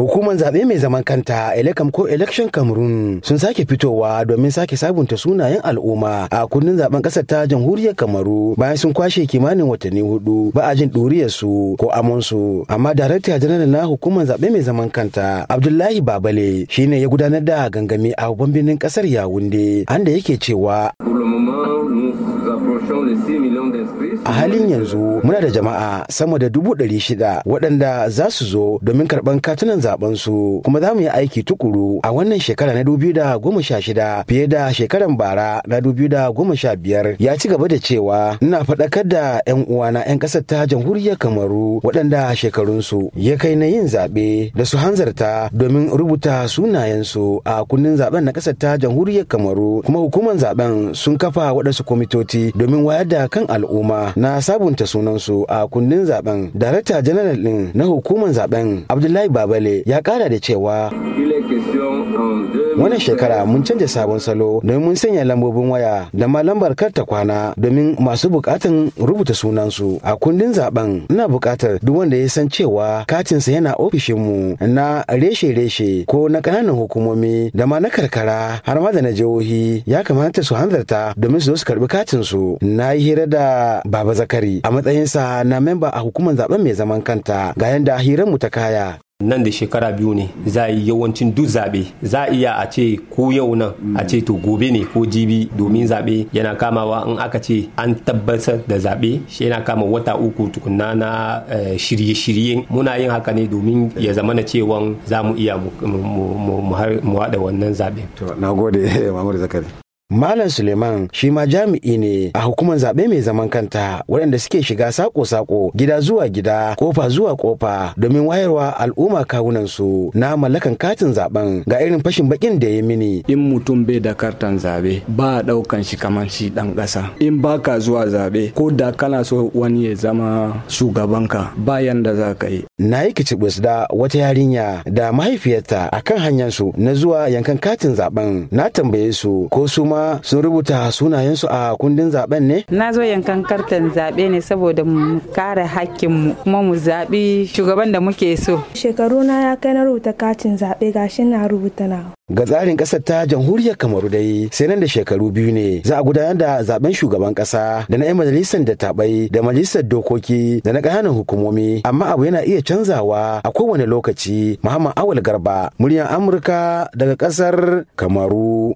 Hukumar zaɓe mai zaman kanta Elecam ko Election Cameroon sun sake fitowa domin sake sabunta sunayen al'umma a kundin zaben ƙasar ta jamhuriyar Kamaru bayan sun kwashe kimanin watanni hudu ba a jin su ko amonsu. Amma Darakta Janar na hukumar zaɓe mai zaman kanta Abdullahi Babale shine ya gudanar da gangami a babban birnin ƙasar Yawunde, anda yake cewa. A halin yanzu muna da jama'a sama da dubu ɗari shida waɗanda za su zo domin karɓan katunan zaben su kuma za mu yi aiki tukuru a wannan shekara na dubu da goma sha shida fiye da shekaran bara na dubu da goma sha biyar ya ci gaba da cewa ina faɗakar da 'yan uwana 'yan ƙasar ta jamhuriyar Kamaru waɗanda shekarunsu ya kai na yin zaɓe da su hanzarta domin rubuta sunayensu a kundin zaɓen na ƙasar ta jamhuriyar Kamaru kuma hukumar zaɓen sun kafa waɗansu kwamitoci domin domin wayar da kan al'umma na sabunta sunansu a kundin zaben. Darakta Janaral ɗin na hukumar zaben Abdullahi Babale ya ƙara da cewa. Wannan shekara mun canja sabon salo domin mun sanya lambobin waya da ma lambar karta kwana domin masu bukatan rubuta sunansu. A kundin zaben ina bukatar duk wanda ya san cewa katinsa yana ofishinmu na reshe-reshe ko na ƙananan hukumomi da ma na karkara har ma da na jihohi ya kamata su hanzarta domin su zo su karɓi katinsu. Na yi hira da Baba Zakari a matsayinsa na memba a hukumar zaben mai zaman kanta ga yanda hirar mu ta kaya. nan da shekara biyu ne za a yi yawancin duk zaɓe za a iya a ce ko yau nan a ce to gobe ne ko jibi domin zaɓe yana kamawa in aka ce an tabbatar da zaɓe shi yana kama wata uku tukunna na eh, shirye-shirye muna yin haka ne domin ya zama na cewa za mu iya mu haɗa wannan zaɓe. na gode Mamadu Zakari. Malam Suleiman shi ma jami'i ne a hukumar zaɓe mai zaman kanta waɗanda suke shiga sako-sako gida zuwa gida kofa zuwa kofa domin wayarwa al'umma kawunan su na mallakan katin zaben ga irin fashin bakin da ya mini. In mutum bai da kartan zaɓe ba a ɗaukan shi kamar shi ɗan ƙasa. In ba ka zuwa zaɓe ko da kana so wani ya zama shugabanka bayan da za ka yi. Na yi kicibis da wata yarinya da mahaifiyarta akan hanyar su na zuwa yankan katin zaɓen, na tambaye su ko su ma kuma sun rubuta sunayensu a kundin zaben ne? Na zo yankan kartan zaɓe ne saboda mu kare mu kuma mu zaɓi shugaban da muke so. Shekaru na ya kai na rubuta katin zaɓe gashi na rubuta na. Ga tsarin ƙasar ta jamhuriyar Kamaru dai sai nan da shekaru biyu ne za a gudanar da zaben shugaban ƙasa da na 'yan majalisar da taɓai da majalisar dokoki da na ƙananan hukumomi amma abu yana iya canzawa a kowane lokaci Muhammad Awal Garba muryar Amurka daga ƙasar Kamaru.